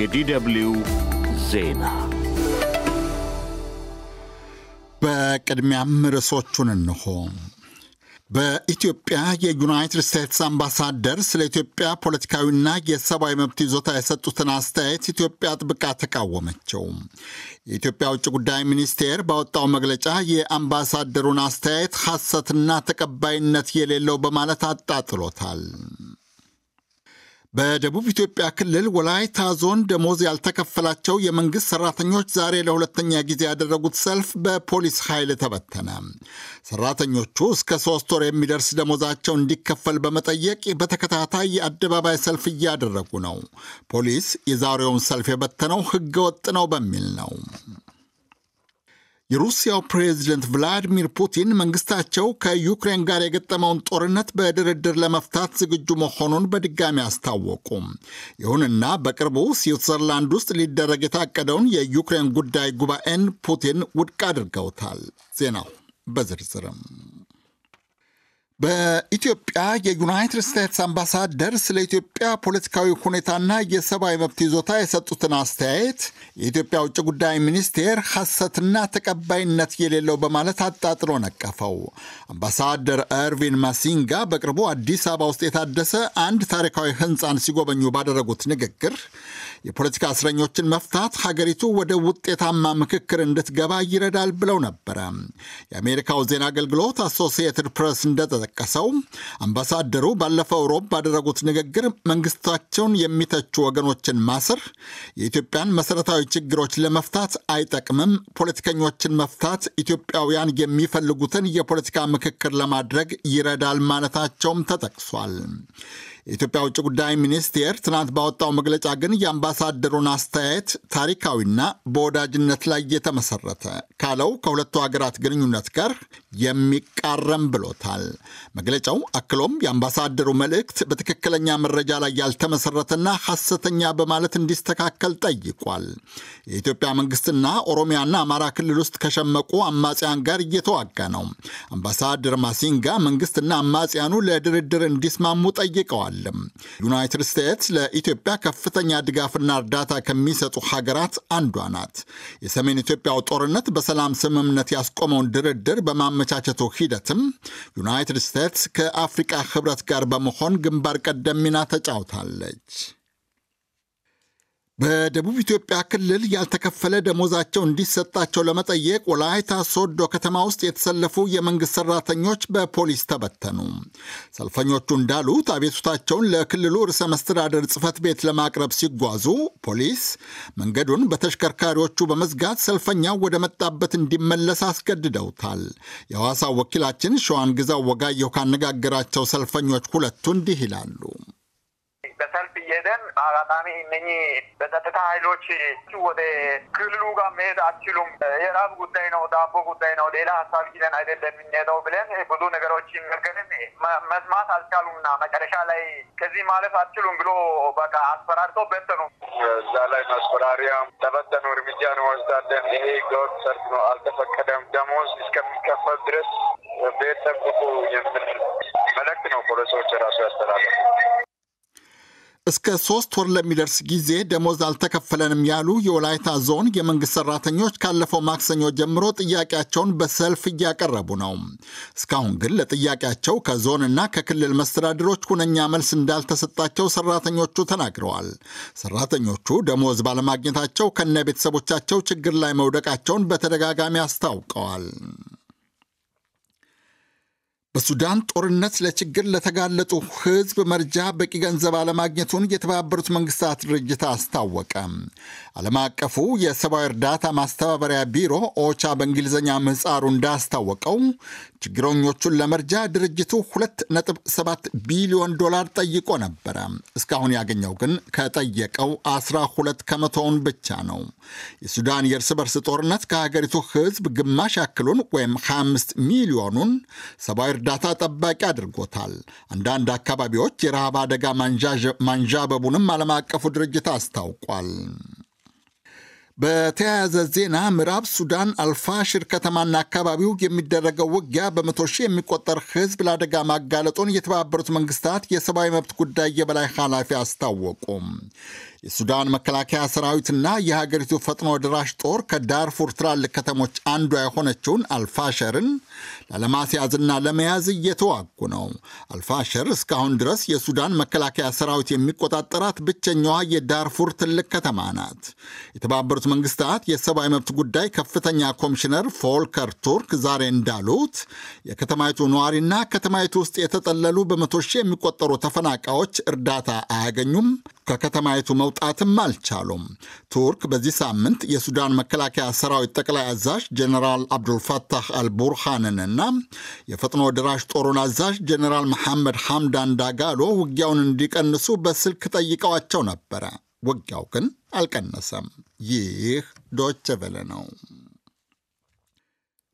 የዲደብሊው ዜና በቅድሚያም ርዕሶቹን እንሆ። በኢትዮጵያ የዩናይትድ ስቴትስ አምባሳደር ስለ ኢትዮጵያ ፖለቲካዊና የሰብአዊ መብት ይዞታ የሰጡትን አስተያየት ኢትዮጵያ ጥብቃ ተቃወመችው። የኢትዮጵያ ውጭ ጉዳይ ሚኒስቴር ባወጣው መግለጫ የአምባሳደሩን አስተያየት ሐሰትና ተቀባይነት የሌለው በማለት አጣጥሎታል። በደቡብ ኢትዮጵያ ክልል ወላይታ ዞን ደሞዝ ያልተከፈላቸው የመንግስት ሰራተኞች ዛሬ ለሁለተኛ ጊዜ ያደረጉት ሰልፍ በፖሊስ ኃይል ተበተነ። ሰራተኞቹ እስከ ሶስት ወር የሚደርስ ደሞዛቸው እንዲከፈል በመጠየቅ በተከታታይ የአደባባይ ሰልፍ እያደረጉ ነው። ፖሊስ የዛሬውን ሰልፍ የበተነው ህገወጥ ነው በሚል ነው። የሩሲያው ፕሬዝደንት ቭላዲሚር ፑቲን መንግስታቸው ከዩክሬን ጋር የገጠመውን ጦርነት በድርድር ለመፍታት ዝግጁ መሆኑን በድጋሚ አስታወቁ። ይሁንና በቅርቡ ስዊትዘርላንድ ውስጥ ሊደረግ የታቀደውን የዩክሬን ጉዳይ ጉባኤን ፑቲን ውድቅ አድርገውታል። ዜናው በዝርዝርም በኢትዮጵያ የዩናይትድ ስቴትስ አምባሳደር ስለ ኢትዮጵያ ፖለቲካዊ ሁኔታና የሰብአዊ መብት ይዞታ የሰጡትን አስተያየት የኢትዮጵያ ውጭ ጉዳይ ሚኒስቴር ሐሰትና ተቀባይነት የሌለው በማለት አጣጥሎ ነቀፈው። አምባሳደር እርቪን ማሲንጋ በቅርቡ አዲስ አበባ ውስጥ የታደሰ አንድ ታሪካዊ ሕንፃን ሲጎበኙ ባደረጉት ንግግር የፖለቲካ እስረኞችን መፍታት ሀገሪቱ ወደ ውጤታማ ምክክር እንድትገባ ይረዳል ብለው ነበረ። የአሜሪካው ዜና አገልግሎት አሶሲየትድ ፕሬስ እንደተጠ የጠቀሰው አምባሳደሩ ባለፈው ሮብ ባደረጉት ንግግር መንግስታቸውን የሚተቹ ወገኖችን ማስር የኢትዮጵያን መሠረታዊ ችግሮች ለመፍታት አይጠቅምም፣ ፖለቲከኞችን መፍታት ኢትዮጵያውያን የሚፈልጉትን የፖለቲካ ምክክር ለማድረግ ይረዳል ማለታቸውም ተጠቅሷል። የኢትዮጵያ ውጭ ጉዳይ ሚኒስቴር ትናንት ባወጣው መግለጫ ግን የአምባሳደሩን አስተያየት ታሪካዊና በወዳጅነት ላይ የተመሰረተ ካለው ከሁለቱ ሀገራት ግንኙነት ጋር የሚቃረም ብሎታል። መግለጫው አክሎም የአምባሳደሩ መልእክት በትክክለኛ መረጃ ላይ ያልተመሰረተና ሐሰተኛ በማለት እንዲስተካከል ጠይቋል። የኢትዮጵያ መንግስትና ኦሮሚያና አማራ ክልል ውስጥ ከሸመቁ አማጽያን ጋር እየተዋጋ ነው። አምባሳደር ማሲንጋ መንግስትና አማጽያኑ ለድርድር እንዲስማሙ ጠይቀዋል። ተናግረዋል። ዩናይትድ ስቴትስ ለኢትዮጵያ ከፍተኛ ድጋፍና እርዳታ ከሚሰጡ ሀገራት አንዷ ናት። የሰሜን ኢትዮጵያው ጦርነት በሰላም ስምምነት ያስቆመውን ድርድር በማመቻቸቱ ሂደትም ዩናይትድ ስቴትስ ከአፍሪቃ ህብረት ጋር በመሆን ግንባር ቀደም ሚና ተጫውታለች። በደቡብ ኢትዮጵያ ክልል ያልተከፈለ ደሞዛቸው እንዲሰጣቸው ለመጠየቅ ወላይታ ሶዶ ከተማ ውስጥ የተሰለፉ የመንግሥት ሠራተኞች በፖሊስ ተበተኑ። ሰልፈኞቹ እንዳሉት አቤቱታቸውን ለክልሉ ርዕሰ መስተዳደር ጽፈት ቤት ለማቅረብ ሲጓዙ ፖሊስ መንገዱን በተሽከርካሪዎቹ በመዝጋት ሰልፈኛው ወደ መጣበት እንዲመለስ አስገድደውታል። የሐዋሳው ወኪላችን ሸዋን ግዛው ወጋየሁ ካነጋገራቸው ሰልፈኞች ሁለቱ እንዲህ ይላሉ። ሰልፍ እየሄደን አጋጣሚ እነኚህ በጸጥታ ኃይሎች ወደ ክልሉ ጋር መሄድ አትችሉም፣ የራብ ጉዳይ ነው፣ ዳቦ ጉዳይ ነው፣ ሌላ ሀሳብ ይዘን አይደለም የምንሄደው ብለን ብዙ ነገሮች መገንም መስማት አልቻሉም እና መጨረሻ ላይ ከዚህ ማለፍ አትችሉም ብሎ በቃ አስፈራርተው በተኑ። እዛ ላይ ማስፈራሪያ ተበተኑ፣ እርምጃ ነው እንወስዳለን፣ ይሄ ህገወጥ ሰልፍ ነው፣ አልተፈቀደም፣ ደሞዝ እስከሚከፈል ድረስ ቤት ጠብቁ የምል መልእክት ነው ፖሊሶች ራሱ ያስተላለፉ። እስከ ሶስት ወር ለሚደርስ ጊዜ ደሞዝ አልተከፈለንም ያሉ የወላይታ ዞን የመንግስት ሰራተኞች ካለፈው ማክሰኞ ጀምሮ ጥያቄያቸውን በሰልፍ እያቀረቡ ነው። እስካሁን ግን ለጥያቄያቸው ከዞንና ከክልል መስተዳድሮች ሁነኛ መልስ እንዳልተሰጣቸው ሰራተኞቹ ተናግረዋል። ሰራተኞቹ ደሞዝ ባለማግኘታቸው ከነ ቤተሰቦቻቸው ችግር ላይ መውደቃቸውን በተደጋጋሚ አስታውቀዋል። በሱዳን ጦርነት ለችግር ለተጋለጡ ህዝብ መርጃ በቂ ገንዘብ አለማግኘቱን የተባበሩት መንግስታት ድርጅት አስታወቀ። ዓለም አቀፉ የሰብአዊ እርዳታ ማስተባበሪያ ቢሮ ኦቻ በእንግሊዝኛ ምህፃሩ እንዳስታወቀው ችግረኞቹን ለመርጃ ድርጅቱ 2.7 ቢሊዮን ዶላር ጠይቆ ነበረ። እስካሁን ያገኘው ግን ከጠየቀው 12 ከመቶውን ብቻ ነው። የሱዳን የእርስ በርስ ጦርነት ከሀገሪቱ ህዝብ ግማሽ ያክሉን ወይም 25 ሚሊዮኑን ሰብአዊ እርዳታ ጠባቂ አድርጎታል። አንዳንድ አካባቢዎች የረሃብ አደጋ ማንዣበቡንም ዓለም አቀፉ ድርጅት አስታውቋል። በተያያዘ ዜና ምዕራብ ሱዳን አልፋሽር ከተማና አካባቢው የሚደረገው ውጊያ በመቶ ሺህ የሚቆጠር ሕዝብ ለአደጋ ማጋለጡን የተባበሩት መንግስታት የሰብአዊ መብት ጉዳይ የበላይ ኃላፊ አስታወቁ። የሱዳን መከላከያ ሰራዊትና የሀገሪቱ ፈጥኖ ድራሽ ጦር ከዳርፉር ትላልቅ ከተሞች አንዷ የሆነችውን አልፋሸርን ላለማስያዝና ለመያዝ እየተዋጉ ነው። አልፋሸር እስካሁን ድረስ የሱዳን መከላከያ ሰራዊት የሚቆጣጠራት ብቸኛዋ የዳርፉር ትልቅ ከተማ ናት። የተባበሩት መንግስታት የሰብአዊ መብት ጉዳይ ከፍተኛ ኮሚሽነር ፎልከር ቱርክ ዛሬ እንዳሉት የከተማይቱ ነዋሪና ከተማይቱ ውስጥ የተጠለሉ በመቶ ሺህ የሚቆጠሩ ተፈናቃዮች እርዳታ አያገኙም። ከከተማይቱ መው መውጣትም አልቻሉም። ቱርክ በዚህ ሳምንት የሱዳን መከላከያ ሰራዊት ጠቅላይ አዛዥ ጀኔራል አብዱልፋታህ አልቡርሃንንና የፈጥኖ ድራሽ ጦሩን አዛዥ ጀኔራል መሐመድ ሐምዳን ዳጋሎ ውጊያውን እንዲቀንሱ በስልክ ጠይቀዋቸው ነበረ። ውጊያው ግን አልቀነሰም። ይህ ዶቸ ቬለ ነው።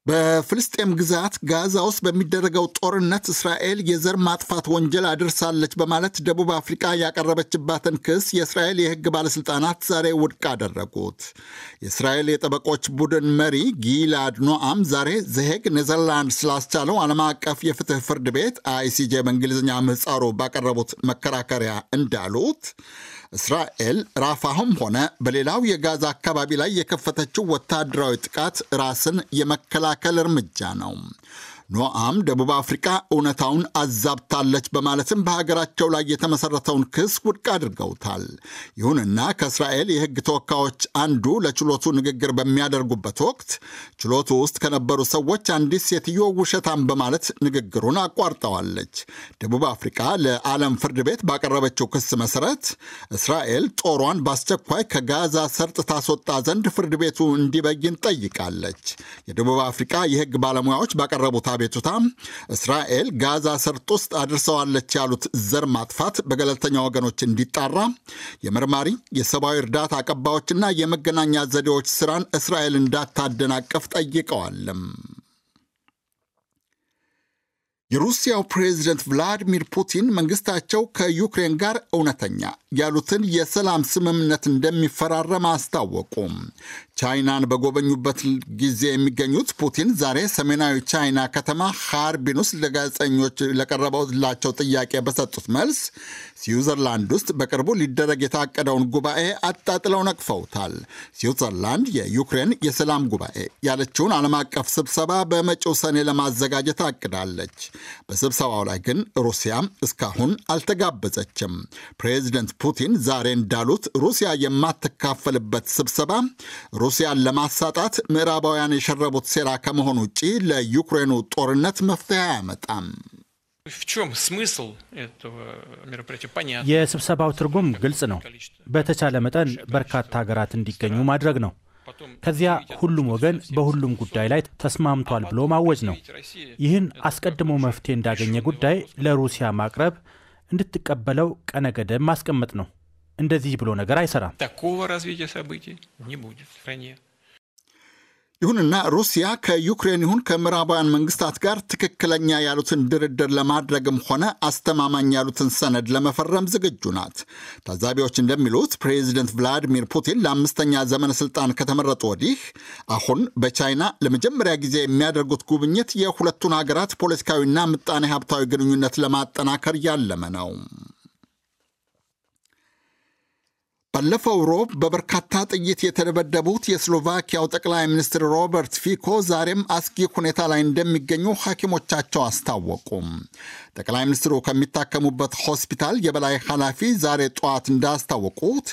በፍልስጤም ግዛት ጋዛ ውስጥ በሚደረገው ጦርነት እስራኤል የዘር ማጥፋት ወንጀል አድርሳለች በማለት ደቡብ አፍሪካ ያቀረበችባትን ክስ የእስራኤል የሕግ ባለሥልጣናት ዛሬ ውድቅ አደረጉት። የእስራኤል የጠበቆች ቡድን መሪ ጊላድ ኖአም ዛሬ ዘሄግ ኔዘርላንድ ስላስቻለው ዓለም አቀፍ የፍትህ ፍርድ ቤት አይሲጄ በእንግሊዝኛ ምህፃሩ ባቀረቡት መከራከሪያ እንዳሉት እስራኤል ራፋህም ሆነ በሌላው የጋዛ አካባቢ ላይ የከፈተችው ወታደራዊ ጥቃት ራስን የመከላከል እርምጃ ነው። ኖአም ደቡብ አፍሪካ እውነታውን አዛብታለች በማለትም በሀገራቸው ላይ የተመሰረተውን ክስ ውድቅ አድርገውታል። ይሁንና ከእስራኤል የሕግ ተወካዮች አንዱ ለችሎቱ ንግግር በሚያደርጉበት ወቅት ችሎቱ ውስጥ ከነበሩ ሰዎች አንዲት ሴትዮ ውሸታም በማለት ንግግሩን አቋርጠዋለች። ደቡብ አፍሪካ ለዓለም ፍርድ ቤት ባቀረበችው ክስ መሰረት እስራኤል ጦሯን በአስቸኳይ ከጋዛ ሰርጥ ታስወጣ ዘንድ ፍርድ ቤቱ እንዲበይን ጠይቃለች። የደቡብ አፍሪካ የሕግ ባለሙያዎች ባቀረቡት አቤቱታ እስራኤል ጋዛ ሰርጥ ውስጥ አድርሰዋለች ያሉት ዘር ማጥፋት በገለልተኛ ወገኖች እንዲጣራ የመርማሪ የሰብአዊ እርዳታ አቀባዮችና የመገናኛ ዘዴዎች ስራን እስራኤል እንዳታደናቀፍ ጠይቀዋል። የሩሲያው ፕሬዝደንት ቭላዲሚር ፑቲን መንግስታቸው ከዩክሬን ጋር እውነተኛ ያሉትን የሰላም ስምምነት እንደሚፈራረም አስታወቁ። ቻይናን በጎበኙበት ጊዜ የሚገኙት ፑቲን ዛሬ ሰሜናዊ ቻይና ከተማ ሃርቢን ውስጥ ለጋዜጠኞች ለቀረበላቸው ጥያቄ በሰጡት መልስ ስዊዘርላንድ ውስጥ በቅርቡ ሊደረግ የታቀደውን ጉባኤ አጣጥለው ነቅፈውታል። ስዊዘርላንድ የዩክሬን የሰላም ጉባኤ ያለችውን ዓለም አቀፍ ስብሰባ በመጪው ሰኔ ለማዘጋጀት አቅዳለች። በስብሰባው ላይ ግን ሩሲያ እስካሁን አልተጋበዘችም። ፕሬዚደንት ፑቲን ዛሬ እንዳሉት ሩሲያ የማትካፈልበት ስብሰባ ሩሲያን ለማሳጣት ምዕራባውያን የሸረቡት ሴራ ከመሆን ውጪ ለዩክሬኑ ጦርነት መፍትሄ አያመጣም። የስብሰባው ትርጉም ግልጽ ነው። በተቻለ መጠን በርካታ ሀገራት እንዲገኙ ማድረግ ነው። ከዚያ ሁሉም ወገን በሁሉም ጉዳይ ላይ ተስማምቷል ብሎ ማወጅ ነው። ይህን አስቀድሞ መፍትሄ እንዳገኘ ጉዳይ ለሩሲያ ማቅረብ እንድትቀበለው ቀነ ገደብ ማስቀመጥ ነው። እንደዚህ ብሎ ነገር አይሰራም። такого развития событий не будет в ይሁንና ሩሲያ ከዩክሬን ይሁን ከምዕራባውያን መንግስታት ጋር ትክክለኛ ያሉትን ድርድር ለማድረግም ሆነ አስተማማኝ ያሉትን ሰነድ ለመፈረም ዝግጁ ናት። ታዛቢዎች እንደሚሉት ፕሬዚደንት ቭላዲሚር ፑቲን ለአምስተኛ ዘመነ ስልጣን ከተመረጡ ወዲህ አሁን በቻይና ለመጀመሪያ ጊዜ የሚያደርጉት ጉብኝት የሁለቱን ሀገራት ፖለቲካዊና ምጣኔ ሀብታዊ ግንኙነት ለማጠናከር ያለመ ነው። ባለፈው ሮብ በበርካታ ጥይት የተደበደቡት የስሎቫኪያው ጠቅላይ ሚኒስትር ሮበርት ፊኮ ዛሬም አስጊ ሁኔታ ላይ እንደሚገኙ ሐኪሞቻቸው አስታወቁም ጠቅላይ ሚኒስትሩ ከሚታከሙበት ሆስፒታል የበላይ ኃላፊ ዛሬ ጠዋት እንዳስታወቁት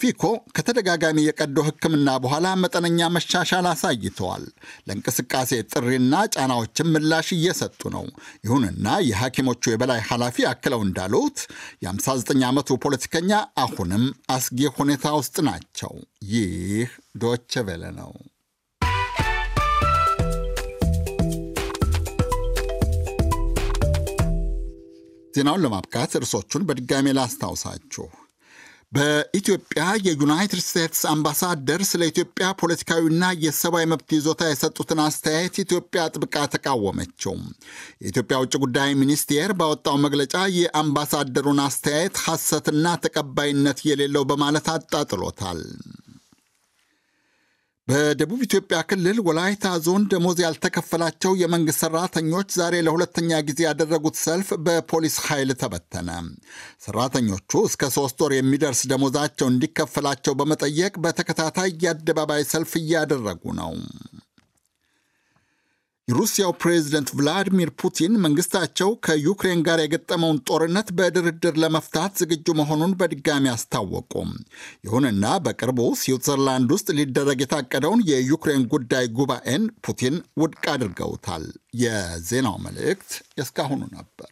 ፊኮ ከተደጋጋሚ የቀዶ ሕክምና በኋላ መጠነኛ መሻሻል አሳይተዋል። ለእንቅስቃሴ ጥሪና ጫናዎችም ምላሽ እየሰጡ ነው። ይሁንና የሐኪሞቹ የበላይ ኃላፊ አክለው እንዳሉት የ59 ዓመቱ ፖለቲከኛ አሁንም አስጊ ሁኔታ ውስጥ ናቸው። ይህ ዶቸ ቬለ ነው። ዜናውን ለማብቃት እርሶቹን በድጋሜ ላስታውሳችሁ። በኢትዮጵያ የዩናይትድ ስቴትስ አምባሳደር ስለ ኢትዮጵያ ፖለቲካዊና የሰብአዊ መብት ይዞታ የሰጡትን አስተያየት ኢትዮጵያ ጥብቃ ተቃወመችው። የኢትዮጵያ ውጭ ጉዳይ ሚኒስቴር ባወጣው መግለጫ የአምባሳደሩን አስተያየት ሐሰትና ተቀባይነት የሌለው በማለት አጣጥሎታል። በደቡብ ኢትዮጵያ ክልል ወላይታ ዞን ደሞዝ ያልተከፈላቸው የመንግሥት ሠራተኞች ዛሬ ለሁለተኛ ጊዜ ያደረጉት ሰልፍ በፖሊስ ኃይል ተበተነ። ሠራተኞቹ እስከ ሦስት ወር የሚደርስ ደሞዛቸው እንዲከፈላቸው በመጠየቅ በተከታታይ የአደባባይ ሰልፍ እያደረጉ ነው። የሩሲያው ፕሬዝደንት ቭላዲሚር ፑቲን መንግስታቸው ከዩክሬን ጋር የገጠመውን ጦርነት በድርድር ለመፍታት ዝግጁ መሆኑን በድጋሚ አስታወቁም። ይሁንና በቅርቡ ስዊትዘርላንድ ውስጥ ሊደረግ የታቀደውን የዩክሬን ጉዳይ ጉባኤን ፑቲን ውድቅ አድርገውታል። የዜናው መልእክት የእስካሁኑ ነበር።